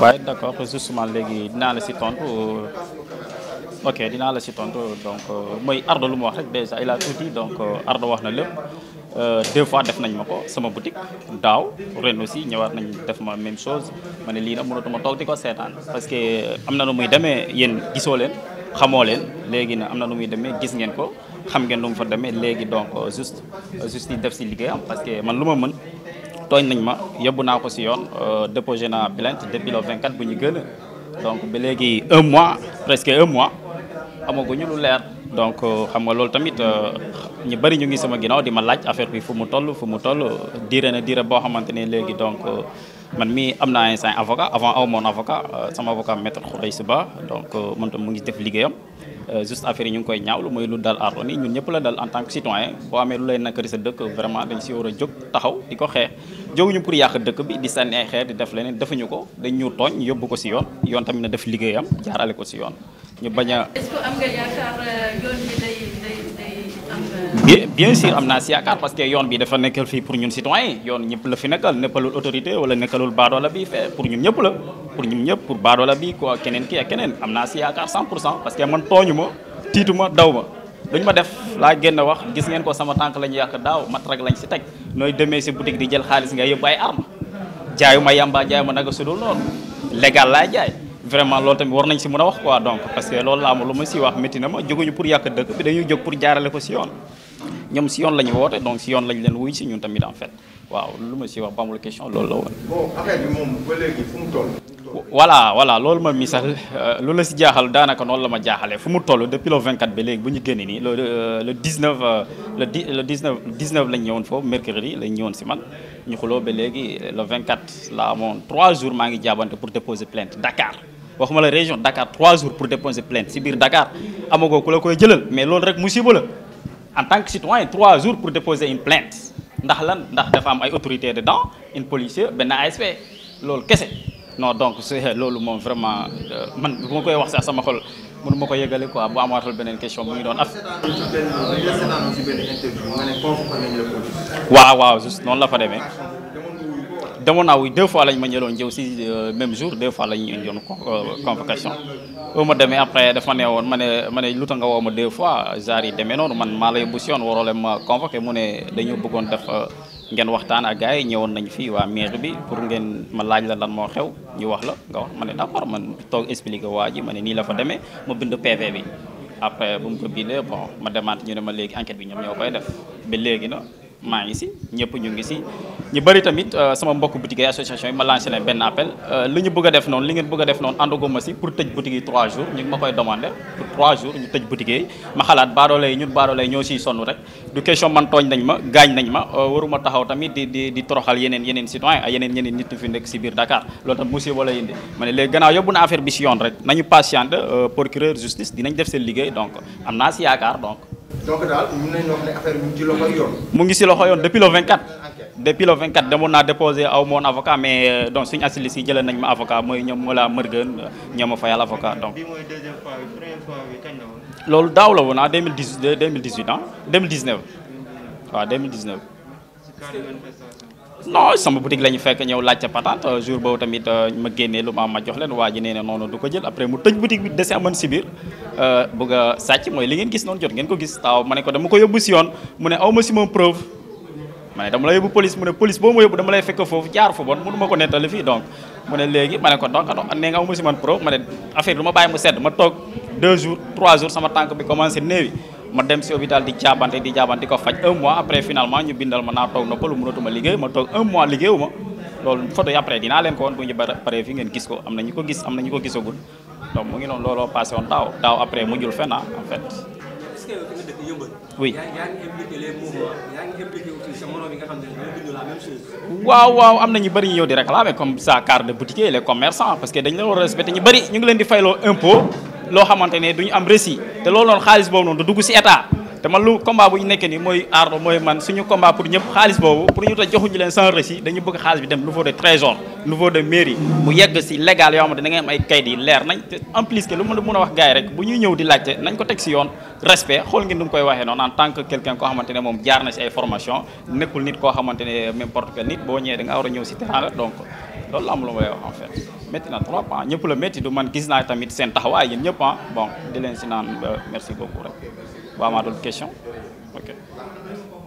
waaye d' accord justement léegi dinaa la si tontu ok dinaa la si tontu donc euh, mooy Ardo lu mu wax rek déjà il a tout dit donc euh, Ardo wax na lépp euh, deux fois def nañ ma ko sama boutique daaw reen aussi ñëwaat nañ def ma même chose ma ne lii nag mënatuma toog di ko seetaan parce que am na nu muy demee yéen gisoo leen xamoo leen léegi na am na nu muy demee gis ngeen ko xam ngeen nu mu fa demee léegi donc juste juste yi def si liggéeyam parce que man lu ma mën tooñ nañ ma yóbbu naa ko si yoon euh, déposé naa plainte depuis le 24 bu ñu gën donc ba léegi un mois presque un mois amaguñu lu leer donc euh, xam nga loolu tamit euh, ñu bëri ñu ngi sama ginnaaw di ma laaj affaire bi fu mu toll fu mu toll diire na diire boo xamante ne léegi donc man mi am naa instant avocat avant aw moon avocat sama avocat maître Khouraïssa Ba donc moom mu ngi def liggéeyam Euh, juste affaire yi ñu ngi koy ñaaw ñaawlu mooy lu dal Arona ñun ñëpp la dal en tant que citoyen boo amee lu lay nakari a taxaw di ko xeex jóguñu pour yàq dëkk bi di sànni ay xeer def leneen defuñu ko dañ ñu tooñ yóbbu ko si yoon yoon tamit na def liggéeyam jaarale ko si yoon ñu bañ a. est-ce que yaakaar euh, yoon bi euh, bien sûr am naa si yaakaar parce que yoon bi dafa nekkal fii pour ñun citoyen yoon ñëpp la fi nekkal nekkalul autorité wala nekkalul baadoola bi fee pour ñun ñëpp la. pour ñun ñëpp pour baadoola bi ko keneen ki am naa si yaakaar 100 pour cent parce que man tooñu ma daw ma luñ ma def laa génn wax gis ngeen ko sama tànk lañu yàq daaw matrak lañ si teg nooy demee si boutique di jël xaalis nga yóbbu ay arme jaayu ma yamba jaayu ma naga sudul noonu légal laa jaay vraiment loolu tamit war nañ si mën a wax quoi donc parce que loolu laa ma lu ma si wax métti na ma jóguñu pour yàq dëkk bi dañuy jóg pour jaarale la ñu woote donc si yoon lañ leen wuy ñun tamit en fait waaw lu ma voilà voilà loolu ma misaal euh, lu la si jaaxal daanaka noonu la ma jaaxalee fu mu toll depuis le 24 ba léegi bu ñu génnee nii le le 19 euh, le di le 19 19 lañ ñëwoon foofu mercredi lañ ñëwoon si man ñu xuloo ba léegi le 24 la amoon 3 jours maa ngi jaabante pour déposer plainte Dakar waxuma la région Dakar 3 jours pour déposer plainte si biir Dakar amagoo ku la koy jëlal mais loolu rek musiba la en tant que citoyen 3 jours pour déposer une plainte ndax lan ndax dafa am ay autorités dedans une policier benn ASP loolu kese. non donc c'est euh, loolu moom vraiment euh, man bu ma koy wax sax sama xol mënu ma ko yëgale quoi bu amaatul beneen question mu ngi doon at. Euh, waaw waaw juste noonu la fa demee. demoon naa wuy deux fois lañ ma ñëloon jëw si même jour deux fois lañ ñu indiwoon convocation boo ma demee après dafa ne woon ma ne ma ne lu tax nga woo ma deux fois genre yi demee noonu man maa lay bu si yoon waroo leen ma convoqué mu ne dañoo bëggoon def. ngeen waxtaan ak gars yi ñëwoon nañ fii waa mairie bi pour ngeen ma laaj la lan moo xew ñu wax la nga wax ma ne d'accord man toog expliqué waa ji ma ne nii la fa demee ma bind PV bi après bu mu ko bindee bon ma demande ñu ne ma léegi enquête bi ñoom ñoo koy def ba léegi na maa ngi si ñëpp ñu ngi si ñu bari tamit euh, sama mbokk boutique yi association yi ma lancé leen benn appel euh, li ñu bëgg def noonu li ngeen bëgg def noonu àndaguma si pour tëj boutique yi 3 jours ñu ngi ma koy demandé pour 3 jours ñu tëj boutique ma xalaat baadoole yi ñun baadoole yi ñoo siy sonn rek du question man tooñ nañ ma gaañ nañ ma euh, waruma taxaw tamit di di di toroxal yeneen yeneen citoyen ak yeneen yeneen nit fi nekk si biir Dakar loolu tam monsieur wala yindi ma ne léegi gannaaw yóbbu na seen liggéey donc am naa si donc daal mën nañu mu ngi si loxo yoon depuis le 24. depuis le 24 demoon naa déposé aw moon avocat mais euh, donc suñu assili si jëlee nañ ma avocat mooy ñoom Mollah Morgun euh, ñoom a fayal avocat donc. bii mooy deuxième fois bi première fois bi kañ la woon. loolu daaw la woon ah 2018 2018 ah 2019. waaw 2019. non sama boutique la ñu fekk ñëw laajte patente euh, jour boobu tamit ma génnee lu ma ma jox leen waa ji nee na noonu du ko jël après mu tëj boutique bi dese amoon si biir. Euh, bëgg a sàcc mooy li ngeen gis noonu jot ngeen ko gis taaw ma ko dama ko yóbbu si yoon mu ne aw ma si moom dama lay fekk foofu jaar fa bon mënu ma ko nettali fii donc bi du ma bàyyi mu sedd ma toog di jaabante di jaabante ko faj un mois après finalement ñu bindal ma naa toog noppalu mënatuma liggéey ma toog un mois liggéeyu loolu photo yi après dinaa leen ko woon bu ñu bare fi ngeen gis ko am na ñu ko gis am na ñu ko gisagul donc mu ngi noonu looloo passé woon daaw daaw après mujjul fenn en fait. est-ce que waaw waaw am na ñu bëri ñu di réclamer comme ça carte de boutique les commerçants parce que dañ leen war a respecté ñu ñu ngi leen di fayloo impôt loo xamante ne duñu am récit te loolu noonu xaalis boobu noonu du dugg si état. te man lu combat bu ñu nekkee nii mooy aar mooy man suñu combat pour ñëpp xaalis boobu pour ñu ta joxuñu leen sans récit dañu bëgg xaalis bi dem lu fa de trésor niveau de mairie mu yegg si légal yoo xam da ngay am ay kayit yi leer nañ en plus que lu ma mën a wax gars rek bu ñuy ñëw di laajte nañ ko teg si yoon respect xool ngeen nu mu koy waxee noonu en tant que quelqu'un koo xamante ne moom jaar na si ay formation nekkul nit koo xamante ne n'importe quel nit boo ñëwee da nga war a ñëw si donc loolu la am lu may wax en fait na trop ah ñëpp la métti du man gis naa tamit seen taxawaay yéen ñëpp ah bon di si naan euh, merci beaucoup rek